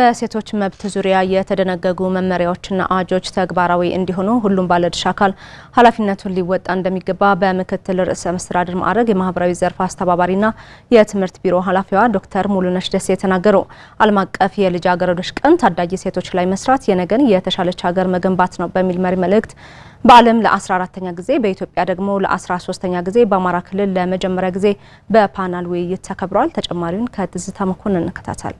በሴቶች መብት ዙሪያ የተደነገጉ መመሪያዎችና አዋጆች ተግባራዊ እንዲሆኑ ሁሉም ባለድርሻ አካል ኃላፊነቱን ሊወጣ እንደሚገባ በምክትል ርዕሰ መስተዳድር ማዕረግ የማህበራዊ ዘርፍ አስተባባሪና የትምህርት ቢሮ ኃላፊዋ ዶክተር ሙሉነሽ ደሴ ተናገሩ። ዓለም አቀፍ የልጃገረዶች ቀን ታዳጊ ሴቶች ላይ መስራት የነገን የተሻለች ሀገር መገንባት ነው በሚል መሪ መልእክት በዓለም ለ14ተኛ ጊዜ በኢትዮጵያ ደግሞ ለ13ተኛ ጊዜ በአማራ ክልል ለመጀመሪያ ጊዜ በፓናል ውይይት ተከብሯል። ተጨማሪውን ከትዝታ መኮንን እንከታተል።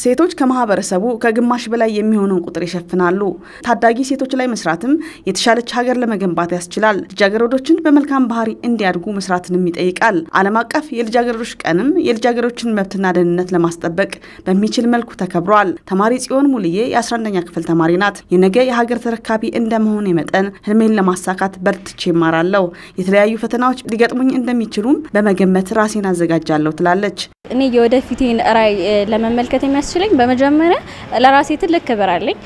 ሴቶች ከማህበረሰቡ ከግማሽ በላይ የሚሆነውን ቁጥር ይሸፍናሉ። ታዳጊ ሴቶች ላይ መስራትም የተሻለች ሀገር ለመገንባት ያስችላል። ልጃገረዶችን በመልካም ባህሪ እንዲያድጉ መስራትንም ይጠይቃል። ዓለም አቀፍ የልጃገረዶች ቀንም የልጃገረዶችን መብትና ደህንነት ለማስጠበቅ በሚችል መልኩ ተከብሯል። ተማሪ ጽዮን ሙልዬ የ11ኛ ክፍል ተማሪ ናት። የነገ የሀገር ተረካቢ እንደመሆን የመጠን ህልሜን ለማሳካት በርትቼ ይማራለሁ። የተለያዩ ፈተናዎች ሊገጥሙኝ እንደሚችሉም በመገመት ራሴን አዘጋጃለሁ ትላለች። እኔ የወደፊቴን ራዕይ ለመመልከት የሚያስችለኝ በመጀመሪያ ለራሴ ትልቅ ክብር አለኝ።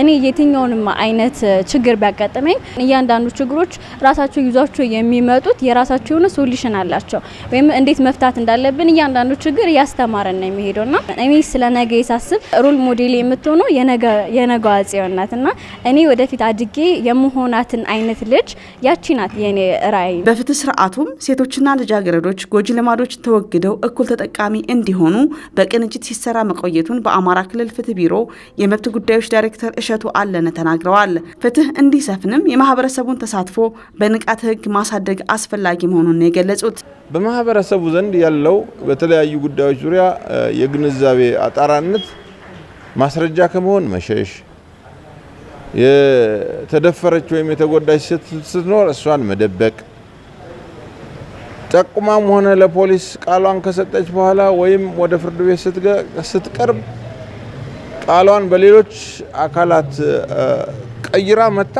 እኔ የትኛውንም አይነት ችግር ቢያጋጥመኝ እያንዳንዱ ችግሮች ራሳቸው ይዟቸው የሚመጡት የራሳቸው የሆነ ሶሉሽን አላቸው፣ ወይም እንዴት መፍታት እንዳለብን እያንዳንዱ ችግር እያስተማረን ነው የሚሄደው ና እኔ ስለ ነገ የሳስብ ሮል ሞዴል የምትሆነው የነገ ጽዮን ናት ና እኔ ወደፊት አድጌ የመሆናትን አይነት ልጅ ያቺ ናት የኔ ራዕይ። በፍትህ ስርዓቱም ሴቶችና ልጃገረዶች ጎጂ ልማዶች ተወግደው እኩል ተጠ ተጠቃሚ እንዲሆኑ በቅንጅት ሲሰራ መቆየቱን በአማራ ክልል ፍትህ ቢሮ የመብት ጉዳዮች ዳይሬክተር እሸቱ አለነ ተናግረዋል። ፍትህ እንዲሰፍንም የማህበረሰቡን ተሳትፎ በንቃት ህግ ማሳደግ አስፈላጊ መሆኑን ነው የገለጹት። በማህበረሰቡ ዘንድ ያለው በተለያዩ ጉዳዮች ዙሪያ የግንዛቤ አጣራነት ማስረጃ ከመሆን መሸሽ የተደፈረች ወይም የተጎዳች ስትኖር እሷን መደበቅ ጠቁማም ሆነ ለፖሊስ ቃሏን ከሰጠች በኋላ ወይም ወደ ፍርድ ቤት ስትቀርብ ቃሏን በሌሎች አካላት ቀይራ መታ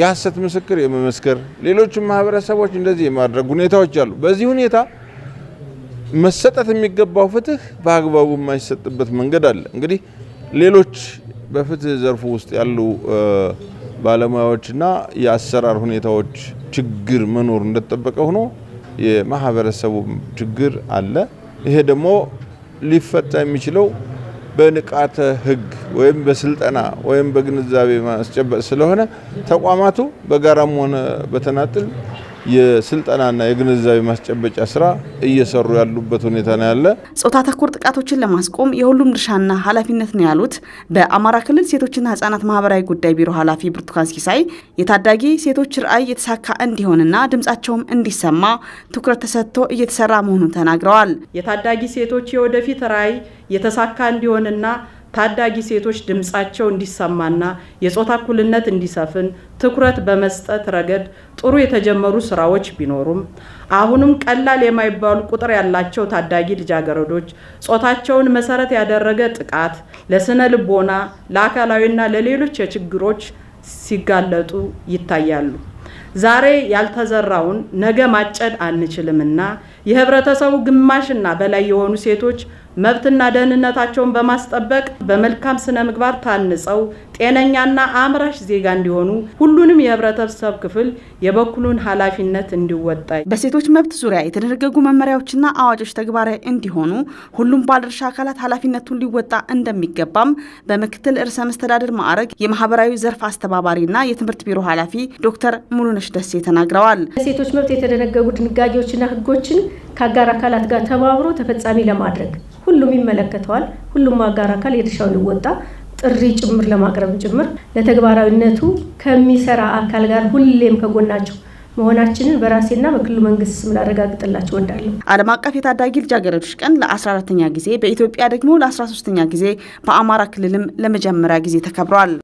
የሀሰት ምስክር የመመስከር ሌሎችም ማህበረሰቦች እንደዚህ የማድረግ ሁኔታዎች አሉ። በዚህ ሁኔታ መሰጠት የሚገባው ፍትህ በአግባቡ የማይሰጥበት መንገድ አለ። እንግዲህ ሌሎች በፍትህ ዘርፉ ውስጥ ያሉ ባለሙያዎችና የአሰራር ሁኔታዎች ችግር መኖር እንደተጠበቀ ሆኖ የማህበረሰቡ ችግር አለ። ይሄ ደግሞ ሊፈታ የሚችለው በንቃተ ህግ ወይም በስልጠና ወይም በግንዛቤ ማስጨበጥ ስለሆነ ተቋማቱ በጋራም ሆነ በተናጥል የስልጠናና የግንዛቤ ማስጨበጫ ስራ እየሰሩ ያሉበት ሁኔታ ነው ያለ። ጾታ ተኮር ጥቃቶችን ለማስቆም የሁሉም ድርሻና ኃላፊነት ነው ያሉት በአማራ ክልል ሴቶችና ህጻናት ማህበራዊ ጉዳይ ቢሮ ኃላፊ ብርቱካን ሲሳይ የታዳጊ ሴቶች ራዕይ የተሳካ እንዲሆንና ድምጻቸውም እንዲሰማ ትኩረት ተሰጥቶ እየተሰራ መሆኑን ተናግረዋል። የታዳጊ ሴቶች የወደፊት ራዕይ የተሳካ እንዲሆንና ታዳጊ ሴቶች ድምፃቸው እንዲሰማና የጾታ እኩልነት እንዲሰፍን ትኩረት በመስጠት ረገድ ጥሩ የተጀመሩ ስራዎች ቢኖሩም አሁንም ቀላል የማይባሉ ቁጥር ያላቸው ታዳጊ ልጃገረዶች ጾታቸውን መሰረት ያደረገ ጥቃት ለስነ ልቦና፣ ለአካላዊና ለሌሎች የችግሮች ሲጋለጡ ይታያሉ። ዛሬ ያልተዘራውን ነገ ማጨድ አንችልምና የህብረተሰቡ ግማሽና በላይ የሆኑ ሴቶች መብትና ደህንነታቸውን በማስጠበቅ በመልካም ስነ ምግባር ታንጸው ጤነኛና አምራች ዜጋ እንዲሆኑ ሁሉንም የህብረተሰብ ክፍል የበኩሉን ኃላፊነት እንዲወጣ በሴቶች መብት ዙሪያ የተደነገጉ መመሪያዎችና አዋጆች ተግባራዊ እንዲሆኑ ሁሉም ባለድርሻ አካላት ኃላፊነቱን ሊወጣ እንደሚገባም በምክትል ርዕሰ መስተዳድር ማዕረግ የማህበራዊ ዘርፍ አስተባባሪና የትምህርት ቢሮ ኃላፊ ዶክተር ሙሉነሽ ደሴ ተናግረዋል። ሴቶች መብት የተደነገጉ ድንጋጌዎችና ህጎችን ከአጋር አካላት ጋር ተባብሮ ተፈጻሚ ለማድረግ ሁሉም ይመለከተዋል። ሁሉም አጋር አካል የድርሻውን ሊወጣ ጥሪ ጭምር ለማቅረብ ጭምር ለተግባራዊነቱ ከሚሰራ አካል ጋር ሁሌም ከጎናቸው መሆናችንን በራሴና በክልሉ መንግስት ስም ላረጋግጥላቸው እወዳለሁ። ዓለም አቀፍ የታዳጊ ልጃገረዶች ቀን ለ14ኛ ጊዜ በኢትዮጵያ ደግሞ ለ 13 ተኛ ጊዜ በአማራ ክልልም ለመጀመሪያ ጊዜ ተከብሯል።